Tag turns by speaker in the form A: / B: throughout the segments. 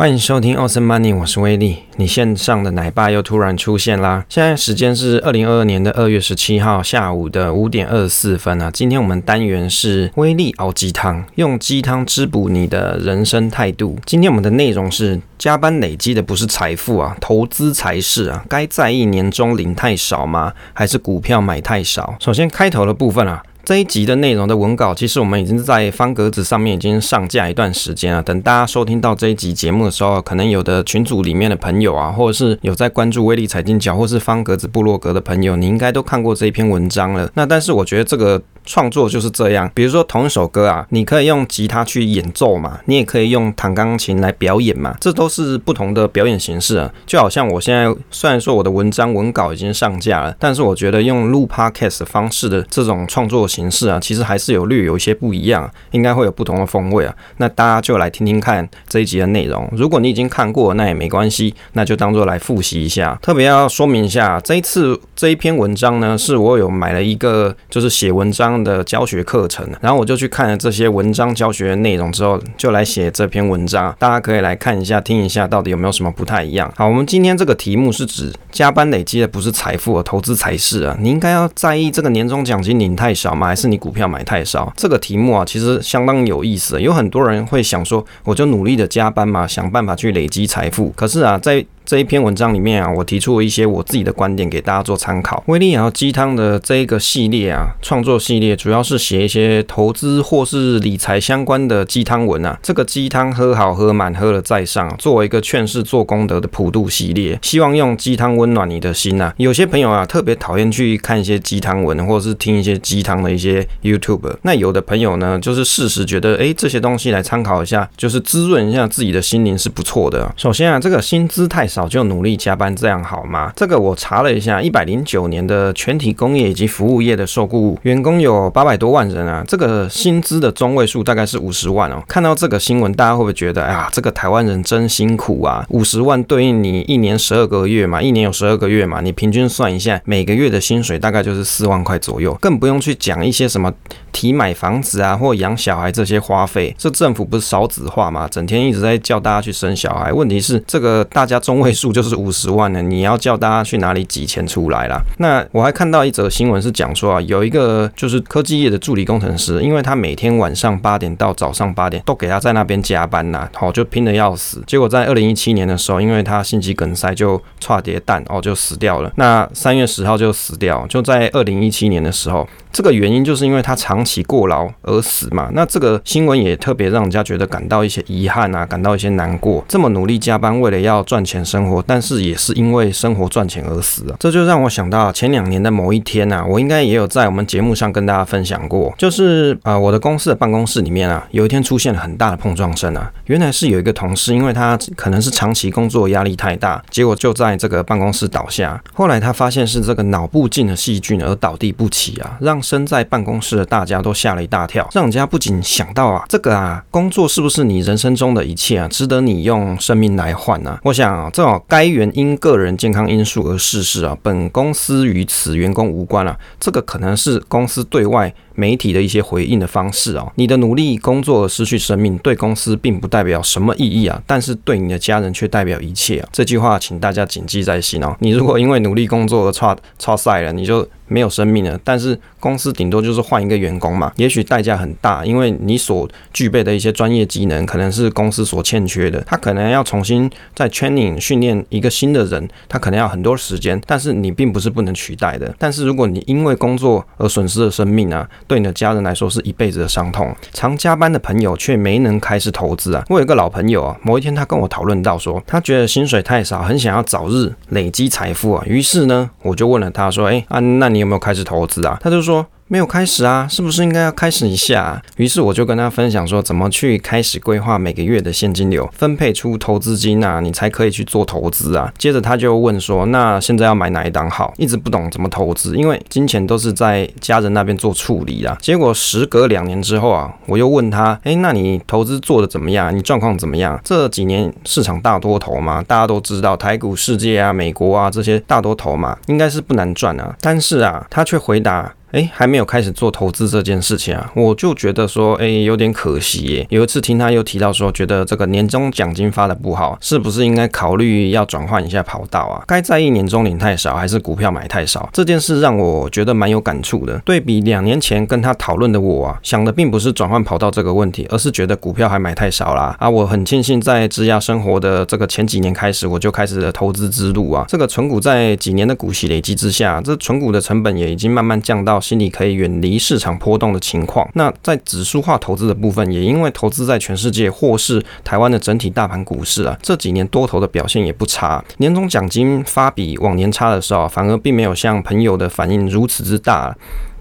A: 歡迎收聽 Awesome Money，我是威利。你線上的奶爸又突然出現啦！現在時間是二零二二年的二月十七號下午的五點二十四分啊。今天我們單元是威利熬雞湯，用雞湯滋補你的人生態度。今天我們的內容是：加班累積的不是財富啊，投資才是啊。該在意年終領太少嗎？還是股票買太少？首先開頭的部分啊。這一集的內容的文稿，其實我們已經在方格子上面已經上架一段時間了。等大家收聽到這一集節目的時候，可能有的群組裡面的朋友啊，或者是有在關注威利財經角或是方格子部落格的朋友，你應該都看過這一篇文章了。那但是我覺得這個創作就是這樣，比如說同一首歌啊，你可以用吉他去演奏嘛，你也可以用彈鋼琴來表演嘛，這都是不同的表演形式啊。就好像我現在雖然說我的文章文稿已經上架了，但是我覺得用錄 podcast 方式的這種創作。形式啊，其實還是有略有一些不一樣啊，應該會有不同的風味啊。那大家就來聽聽看這一集的內容。如果你已經看過了，那也沒關係，那就當做來複習一下。特別要說明一下，這一次這一篇文章呢，是我有買了一個就是寫文章的教學課程，然後我就去看了這些文章教學的內容之後，就來寫這篇文章。大家可以來看一下，聽一下到底有沒有什麼不太一樣。好，我們今天這個題目是指加班累積的不是財富，投資才是啊。你應該要在意這個年終獎金領太少，還是你股票買太少？這個題目啊，其實相當有意思。有很多人會想說，我就努力的加班嘛，想辦法去累積財富。可是啊，在這一篇文章裡面啊，我提出了一些我自己的觀點給大家做參考。威利熬雞湯的這一個系列啊，創作系列主要是寫一些投資或是理財相關的雞湯文啊。這個雞湯喝好喝滿喝了再上，作為一個勸世做功德的普度系列，希望用雞湯溫暖你的心啊。有些朋友啊特別討厭去看一些雞湯文或是聽一些雞湯的一些 YouTube。那有的朋友呢，就是事實覺得哎、欸、這些東西來參考一下，就是滋潤一下自己的心靈是不錯的、啊。首先啊，這個薪資太少。早就努力加班，這樣好嗎？這個我查了一下，一百零九年的全體工業以及服務業的受僱員工有八百多萬人啊。這個薪資的中位數大概是五十萬哦。看到這個新聞，大家會不會覺得，哎呀，這個台灣人真辛苦啊？五十萬對應你一年十二個月嘛，一年有十二個月嘛，你平均算一下，每個月的薪水大概就是四萬塊左右。更不用去講一些什麼提買房子啊或養小孩這些花費。這政府不是少子化嘛，整天一直在叫大家去生小孩。問題是，這個大家中位。數就是五十萬呢，你要叫大家去哪裡擠錢出來啦。那我還看到一則新聞是講說啊，有一個就是科技業的助理工程師，因為他每天晚上八點到早上八點都給他在那邊加班吶、啊，哦，就拼得要死。結果在二零一七年的時候，因為他心肌梗塞就差點蛋哦，就死掉了。那三月十號就死掉，就在二零一七年的時候，這個原因就是因為他長期過勞而死嘛。那這個新聞也特別讓人家覺得感到一些遺憾啊，感到一些難過。這麼努力加班，為了要賺錢。生活，但是也是因為生活賺錢而死啊！這就讓我想到前兩年的某一天啊，我應該也有在我們節目上跟大家分享過，就是啊、呃，我的公司的辦公室裡面啊，有一天出現了很大的碰撞聲啊，原來是有一個同事，因為他可能是長期工作壓力太大，結果就在這個辦公室倒下。後來他發現是這個腦部進了細菌而倒地不起啊，讓身在辦公室的大家都嚇了一大跳，讓人家不禁想到啊，這個啊，工作是不是你人生中的一切啊？值得你用生命來換啊。我想、啊。該員因個人健康因素而逝世啊，本公司與此員工無關了。這個可能是公司對外。媒體的一些回應的方式啊、哦，你的努力工作而失去生命，對公司並不代表什麼意義啊，但是對你的家人卻代表一切啊。這句話請大家謹記在心哦。你如果因為努力工作而超超賽了，你就沒有生命了。但是公司頂多就是換一個員工嘛，也許代價很大，因為你所具備的一些專業技能可能是公司所欠缺的，他可能要重新再 training 訓練一個新的人，他可能要很多時間。但是你並不是不能取代的。但是如果你因為工作而損失了生命啊。對你的家人來說是一輩子的傷痛。常加班的朋友卻沒能開始投資啊！我有一個老朋友啊，某一天他跟我討論到說，他覺得薪水太少，很想要早日累積財富啊。於是呢，我就問了他說：“哎啊，那你有沒有開始投資啊？”他就說：沒有開始啊，是不是應該要開始一下啊？於是我就跟他分享說，怎麼去開始規劃每個月的現金流，分配出投資金啊，你才可以去做投資啊。接着他就問說，那現在要買哪一檔好？一直不懂怎麼投資，因為金錢都是在家人那邊做處理啦、啊。結果時隔兩年之後啊，我又問他，哎，那你投資做得怎麼樣？你狀況怎麼樣？這幾年市場大多頭嘛，大家都知道台股、世界啊、美國啊這些大多頭嘛，應該是不難賺啊。但是啊，他卻回答，哎、欸，還沒有開始做投資這件事情啊，我就覺得說，哎、欸，有點可惜、欸。有一次聽他又提到說，覺得這個年終獎金發的不好，是不是應該考慮要轉換一下跑道啊？該在意年終領太少，還是股票買太少？這件事讓我覺得蠻有感觸的。對比兩年前跟他討論的我啊，想的並不是轉換跑道這個問題，而是覺得股票還買太少啦。啊。我很慶幸在職涯生活的這個前幾年開始，我就開始了投資之路啊。這個存股在幾年的股息累積之下，這存股的成本也已經慢慢降到。心理，可以遠離市場波動的情況。那在指數化投資的部分，也因為投資在全世界或是台灣的整體大盤股市啊，這幾年多頭的表現也不差。年終獎金發比往年差的時候，反而並沒有像朋友的反應如此之大。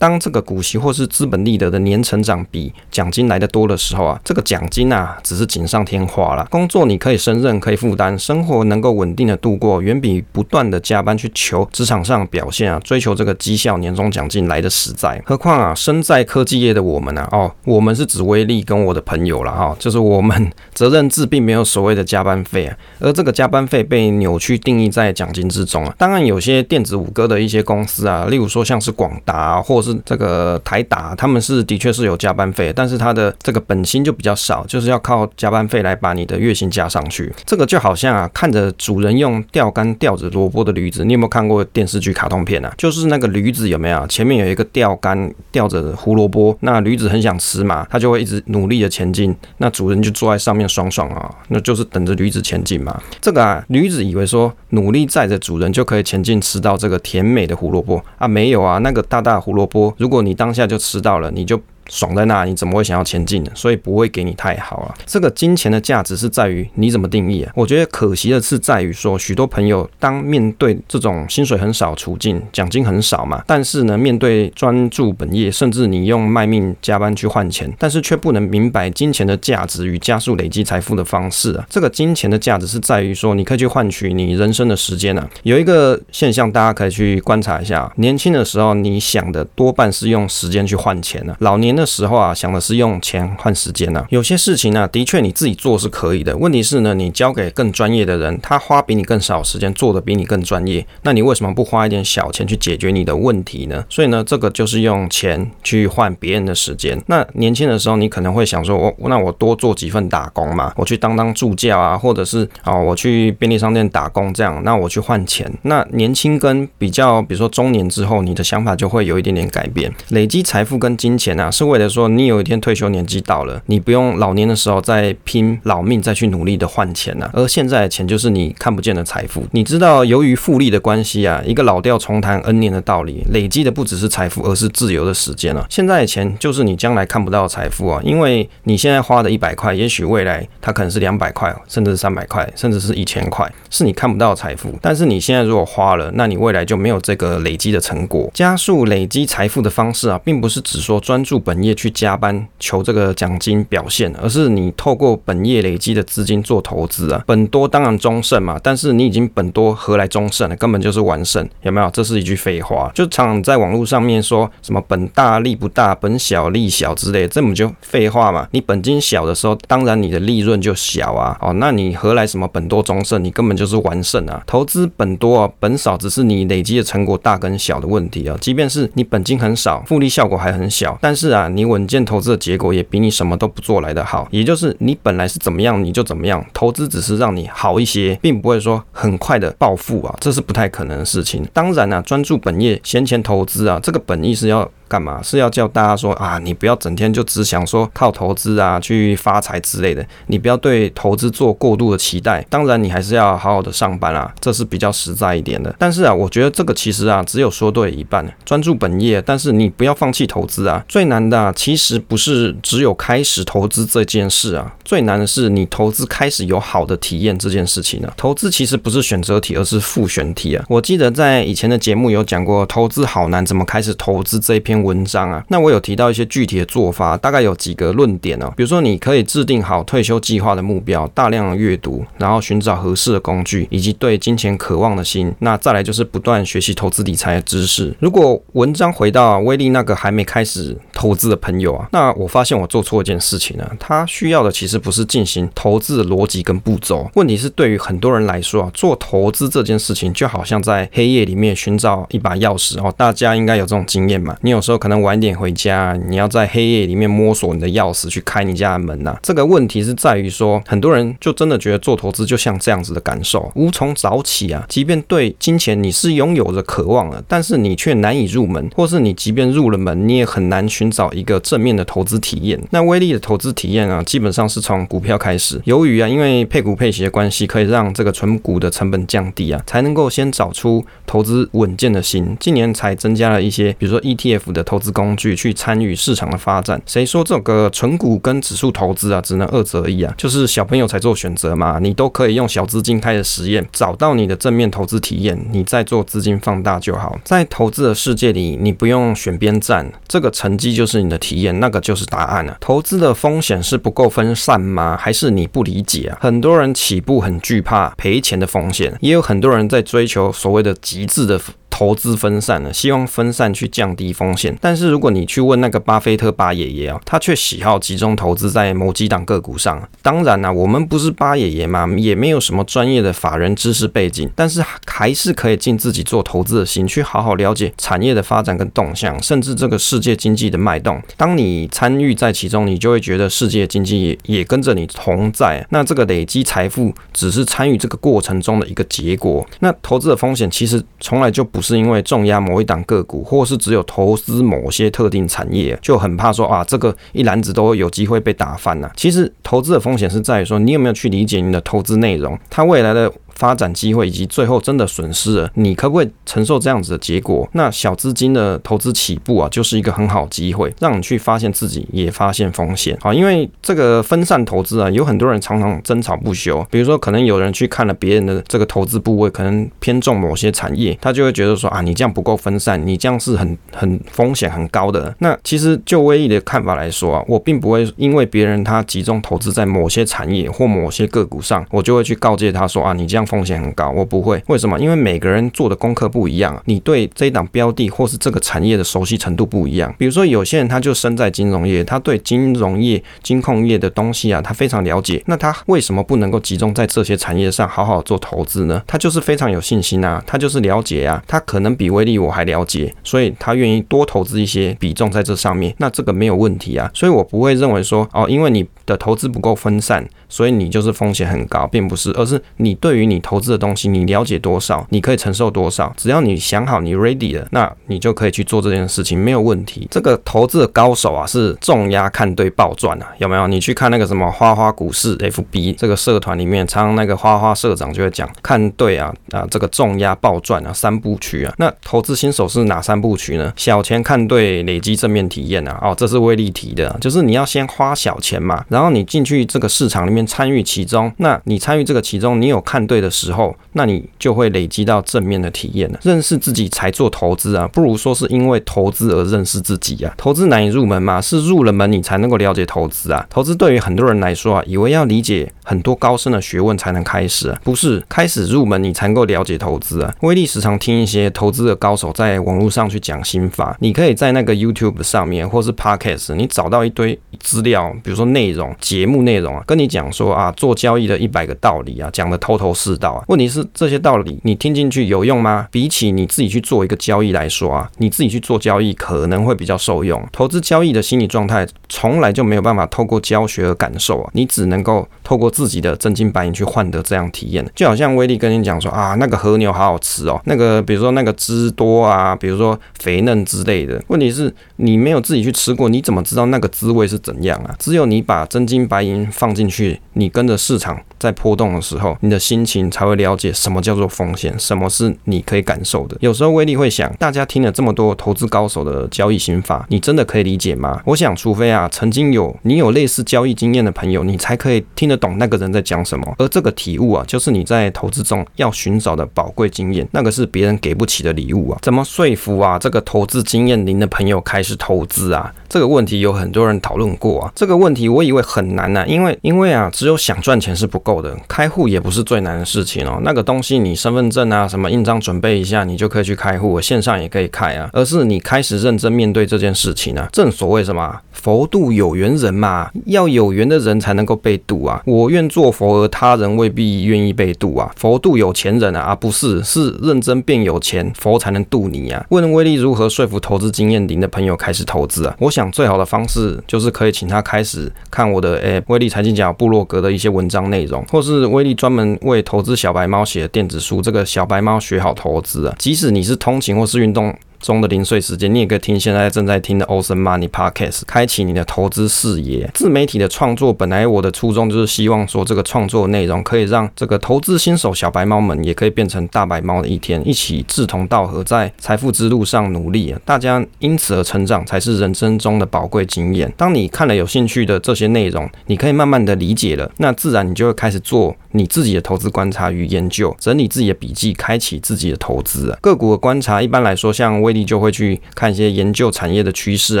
A: 當這個股息或是資本利得的年成長比獎金來得多的時候啊，這個獎金啊只是錦上添花啦。工作你可以勝任，可以負擔，生活能夠穩定的度過，遠比不斷的加班去求職場上表現啊，追求這個績效年終獎金來得實在。何況啊，身在科技業的我們啊，哦，我們是指威利跟我的朋友啦啊、哦、就是我們呵呵責任制並沒有所謂的加班費啊，而這個加班費被扭曲定義在獎金之中啊。當然，有些電子五哥的一些公司啊，例如說像是廣達、啊、或者是。這個台達他們是的確是有加班費，但是他的這個本薪就比較少，就是要靠加班費來把你的月薪加上去。這個就好像啊，看着主人用釣竿釣着蘿蔔的驢子，你有沒有看過電視劇、卡通片啊？就是那個驢子有沒有前面有一個釣竿釣着胡蘿蔔，那驢子很想吃嘛，它就會一直努力的前進。那主人就坐在上面爽爽啊，那就是等着驢子前進嘛。這個啊，驢子以為說努力載着主人就可以前進吃到這個甜美的胡蘿蔔啊，沒有啊，那個大大胡蘿蔔。如果你當下就吃到了，你就。爽在那，你怎麼會想要前進呢？所以不會給你太好啊。這個金錢的價值是在於你怎麼定義啊？我覺得可惜的是，在於說許多朋友當面對這種薪水很少處境，獎金很少嘛，但是呢，面對專注本業，甚至你用賣命加班去換錢，但是卻不能明白金錢的價值與加速累積財富的方式啊。這個金錢的價值是在於說你可以去換取你人生的時間啊。有一個現象，大家可以去觀察一下啊，年輕的時候，你想的多半是用時間去換錢啊。老年。那時候啊，想的是用錢換時間啊。有些事情呢、啊，的確你自己做是可以的。問題是呢，你交給更專業的人，他花比你更少時間，做的比你更專業。那你為什麼不花一點小錢去解決你的問題呢？所以呢，這個就是用錢去換別人的時間。那年輕的時候，你可能會想說，我、哦、那我多做幾份打工嘛，我去當當助教啊，或者是啊、哦，我去便利商店打工這樣，那我去換錢。那年輕跟比較，比如說中年之後，你的想法就會有一點點改變。累積財富跟金錢啊，是，為了說，你有一天退休年紀到了，你不用老年的時候再拼老命再去努力的換錢了啊。而現在的錢就是你看不見的財富。你知道，由於複利的關係啊，一個老調重彈 n 年的道理，累積的不只是財富，而是自由的時間啊。現在的錢就是你將來看不到的財富啊，因為你現在花的一百塊，也許未來它可能是兩百塊，甚至是三百塊，甚至是一千塊，是你看不到財富。但是你現在如果花了，那你未來就沒有這個累積的成果。加速累積財富的方式啊，並不是只說專注本。本業去加班求這個獎金表現，而是你透過本業累積的資金做投資啊，本多當然終勝嘛，但是你已經本多，何來終勝呢？根本就是完勝，有沒有？這是一句廢話，就常在網絡上面說什麼“本大利不大，本小利小”之類的，這麼就廢話嘛。你本金小的時候，當然你的利潤就小啊，哦，那你何來什麼本多終勝？你根本就是完勝啊！投資本多啊、哦，本少只是你累積的成果大跟小的問題啊、哦。即便是你本金很少，複利效果還很小，但是啊。啊，你穩健投資的結果也比你什麼都不做來的好，也就是你本來是怎麼樣你就怎麼樣，投資只是讓你好一些，並不會說很快的暴富啊，這是不太可能的事情。當然啊，專注本業，閒錢投資啊，這個本意是要。幹嘛是要叫大家說啊，你不要整天就只想說靠投資啊去發財之類的，你不要對投資做過度的期待。當然，你還是要好好的上班啊，這是比較實在一點的。但是啊，我覺得這個其實啊，只有說對一半，專注本業，但是你不要放棄投資啊。最難的啊，其實不是只有開始投資這件事啊，最難的是你投資開始有好的體驗這件事情呢啊。投資其實不是選擇題，而是複選題啊。我記得在以前的節目有講過，投資好難，怎麼開始投資這一篇。文章啊，那我有提到一些具體的做法，大概有幾個論點哦。比如說，你可以制定好退休計劃的目標，大量的閱讀，然後尋找合適的工具，以及對金錢渴望的心。那再來就是不斷學習投資理財的知識。如果文章回到威利那個還沒開始。投資的朋友啊，那我發現我做錯一件事情啊，他需要的其實不是進行投資的邏輯跟步驟。問題是對於很多人來說啊，做投資這件事情就好像在黑夜裡面尋找一把鑰匙哦。大家應該有這種經驗嘛？你有時候可能晚一點回家，你要在黑夜裡面摸索你的鑰匙去開你家的門吶啊。這個問題是在於說，很多人就真的覺得做投資就像這樣子的感受，無從找起啊。即便對金錢你是擁有着渴望了，但是你卻難以入門，或是你即便入了門，你也很難尋。找一個正面的投資體驗。那威利的投資體驗啊，基本上是從股票開始。由於啊，因為配股配息的關係，可以讓這個存股的成本降低啊，才能夠先找出投資穩健的心。今年才增加了一些，比如說 ETF 的投資工具去參與市場的發展。誰說這個存股跟指數投資啊，只能二擇一啊？就是小朋友才做選擇嘛，你都可以用小資金開始實驗，找到你的正面投資體驗，你再做資金放大就好。在投資的世界裡，你不用選邊站，這個成績就。就是你的體驗，那個就是答案了啊。投資的風險是不夠分散嗎？還是你不理解啊？很多人起步很懼怕賠錢的風險，也有很多人在追求所謂的極致的。投資分散了，希望分散去降低風險。但是如果你去問那個巴菲特巴爺爺啊，他卻喜好集中投資在某幾檔個股上。當然啦、啊，我們不是巴爺爺嘛，也沒有什麼專業的法人知識背景，但是還是可以盡自己做投資的心去好好了解產業的發展跟動向，甚至這個世界經濟的脈動。當你參與在其中，你就會覺得世界經濟也，也跟着你同在。那這個累積財富只是參與這個過程中的一個結果。那投資的風險其實從來就不是。是因為重壓某一檔個股，或是只有投資某些特定產業，就很怕說啊，這個一籃子都有機會被打翻了啊。其實投資的風險是在於說，你有沒有去理解你的投資內容，它未來的。發展機會以及最後真的損失了，你可不可以承受這樣子的結果？那小資金的投資起步啊，就是一個很好機會，讓你去發現自己，也發現風險。好，因為這個分散投資啊，有很多人常常爭吵不休。比如說，可能有人去看了別人的這個投資部位，可能偏重某些產業，他就會覺得說啊，你這樣不夠分散，你這樣是很很風險很高的。那其實就威利的看法來說啊，我並不會因為別人他集中投資在某些產業或某些個股上，我就會去告誡他說啊，你這樣。風險很高，我不會。為什麼？因為每個人做的功課不一樣。你對這一檔標的或是這個產業的熟悉程度不一樣。比如說，有些人他就身在金融業，他對金融業、金控業的東西啊，他非常了解。那他為什麼不能夠集中在這些產業上好好做投資呢？他就是非常有信心啊，他就是了解啊。他可能比威利我還了解，所以他願意多投資一些比重在這上面。那這個沒有問題啊，所以我不會認為說哦，因為你的投資不夠分散。所以你就是風險很高，並不是，而是你對於你投資的東西，你了解多少，你可以承受多少。只要你想好，你 ready 了，那你就可以去做這件事情，沒有問題。這個投資的高手啊，是重壓看對爆賺啊，有沒有？你去看那個什麼花花股市 FB 這個社團裡面，常常那個花花社長就會講看對啊啊，這個重壓爆賺啊三部曲啊。那投資新手是哪三部曲呢？小錢看對累積正面體驗啊，哦，這是威利提的，就是你要先花小錢嘛，然後你進去這個市場裡面，參與其中，那你參與這個其中，你有看對的時候，那你就會累積到正面的體驗了。認識自己才做投資啊，不如說是因為投資而認識自己啊。投資難以入門嘛，是入了門你才能夠了解投資啊。投資對於很多人來說啊，以為要理解很多高深的學問才能開始啊。不是開始入門你才能夠了解投資啊。威利時常聽一些投資的高手在網絡上去講心法，你可以在那個 YouTube 上面或是 Podcast，你找到一堆資料，比如說內容，節目內容啊，跟你講。說啊，做交易的一百個道理啊，講的頭頭是道啊。問題是這些道理你聽進去有用嗎？比起你自己去做一個交易來說啊，你自己去做交易可能會比較受用。投資交易的心理狀態從來就沒有辦法透過教學和感受啊，你只能夠透過自己的真金白銀去換得這樣體驗。就好像威利跟你講說啊，那個和牛好好吃哦，那個比如說那個汁多啊，比如說肥嫩之類的。問題是你沒有自己去吃過，你怎麼知道那個滋味是怎樣啊？只有你把真金白銀放進去。你跟着市場在波動的時候，你的心情才會了解什麼叫做風險，什麼是你可以感受的。有時候威利會想，大家聽了這麼多投資高手的交易心法，你真的可以理解嗎？我想，除非啊，曾經有你有類似交易經驗的朋友，你才可以聽得懂那個人在講什麼。而這個體悟啊，就是你在投資中要尋找的寶貴經驗，那個是別人給不起的禮物啊。怎麼說服啊這個投資經驗零的朋友開始投資啊？這個問題有很多人討論過啊。這個問題我以為很難呢，啊，因為因為啊。啊，只有想賺錢是不夠的，開戶也不是最難的事情哦。那個東西，你身份證啊，什麼印章準備一下，你就可以去開戶，線上也可以開啊。而是你開始認真面對這件事情啊。正所謂什麼佛度有緣人嘛，要有緣的人才能夠被渡啊。我願做佛，而他人未必願意被渡啊。佛渡有錢人啊，啊不是，是認真變有錢，佛才能渡你呀，啊。問威利如何說服投資經驗零的朋友開始投資啊？我想最好的方式就是可以請他開始看我的誒，威利財經角部洛格的一些文章內容，或是威利專門為投資小白貓寫的電子書《這個小白貓學好投資》啊，即使你是通勤或是運動。中的零碎時間，你也可以聽現在正在聽的 Awesome Money Podcast，開啟你的投資視野。自媒體的創作，本來我的初衷就是希望說，這個創作內容可以讓這個投資新手小白貓們，也可以變成大白貓的一天，一起志同道合，在財富之路上努力。大家因此而成長，才是人生中的寶貴經驗。當你看了有興趣的這些內容，你可以慢慢的理解了，那自然你就會開始做。你自己的投資觀察與研究，整理自己的筆記，開啟自己的投資啊。個股的觀察一般來說，像威力就會去看一些研究產業的趨勢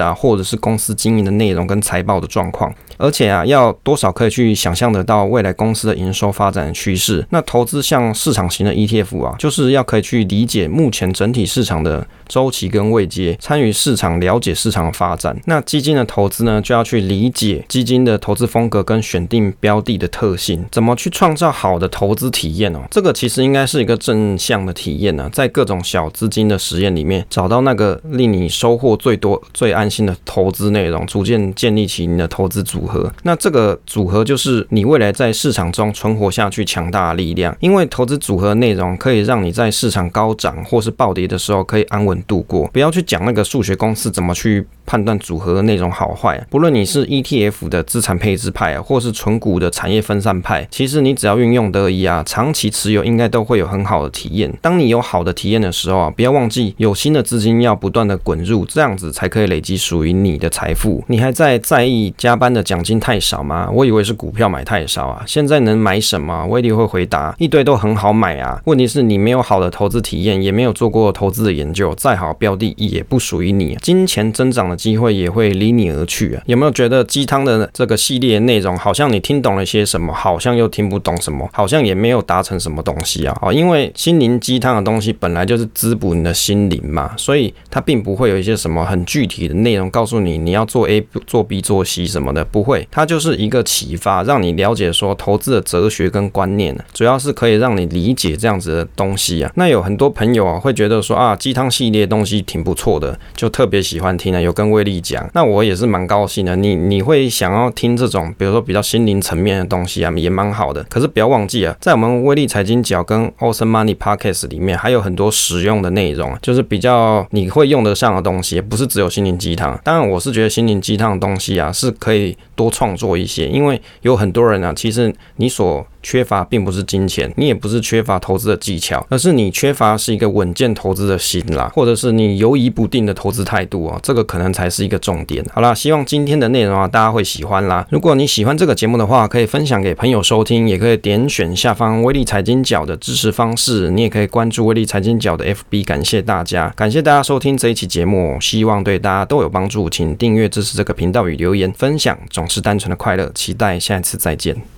A: 啊，或者是公司經營的內容跟財報的狀況，而且啊，要多少可以去想象得到未來公司的營收發展的趨勢。那投資像市場型的 ETF 啊，就是要可以去理解目前整體市場的周期跟位階，參與市場，了解市場的發展。那基金的投資呢，就要去理解基金的投資風格跟選定標的的特性，怎麼去創造。較好的投資體驗哦，這個其實應該是一個正向的體驗呢、啊。在各種小資金的實驗裡面，找到那個令你收穫最多、最安心的投資內容，逐漸建立起你的投資組合。那這個組合就是你未來在市場中存活下去強大的力量。因為投資組合內容可以讓你在市場高漲或是暴跌的時候可以安穩度過。不要去講那個數學公式怎麼去判斷組合內容好壞、啊。不論你是 ETF 的資產配置派、啊，或是純股的產業分散派，其實你只要。要運用得宜啊，長期持有應該都會有很好的體驗。當你有好的體驗的時候啊，不要忘記有新的資金要不斷的滾入，這樣子才可以累積屬於你的財富。你還在在意加班的獎金太少嗎？我以為是股票買太少啊，現在能買什麼？威利會回答一堆都很好買啊，問題是你沒有好的投資體驗，也沒有做過投資的研究，再好的標的也不屬於你啊，金錢增長的機會也會離你而去啊。有沒有覺得雞湯的這個系列內容好像你聽懂了些什麼，好像又聽不懂？什麼好像也沒有達成什麼東西啊啊、哦！因為心靈雞湯的東西本來就是滋補你的心靈嘛，所以它並不會有一些什麼很具體的內容告訴你，你要做 A 做 B 做 C 什麼的，不會，它就是一個啟發，讓你了解說投資的哲學跟觀念，主要是可以讓你理解這樣子的東西啊。那有很多朋友啊會覺得說啊雞湯系列的東西挺不錯的，就特別喜歡聽啊，有跟威利講，那我也是蠻高興的。你你會想要聽這種比如說比較心靈層面的東西啊，也蠻好的，可是。不要忘記啊，在我們威利財經角跟 Awesome Money Podcast 裡面還有很多實用的內容啊，就是比較你會用得上的東西，不是只有心靈雞湯。當然，我是覺得心靈雞湯的東西啊是可以多創作一些，因為有很多人啊，其實你所缺乏並不是金錢，你也不是缺乏投資的技巧，而是你缺乏是一個穩健投資的心啦，或者是你猶疑不定的投資態度哦、啊。這個可能才是一個重點。好啦，希望今天的內容啊，大家會喜歡啦。如果你喜歡這個節目的話，可以分享給朋友收聽，也可以點選下方威利財經角的支持方式。你也可以關注威利財經角的 FB。感謝大家，感謝大家收聽這一期節目，希望對大家都有幫助。請訂閱支持這個頻道與留言分享，總是單純的快樂。期待下一次再見。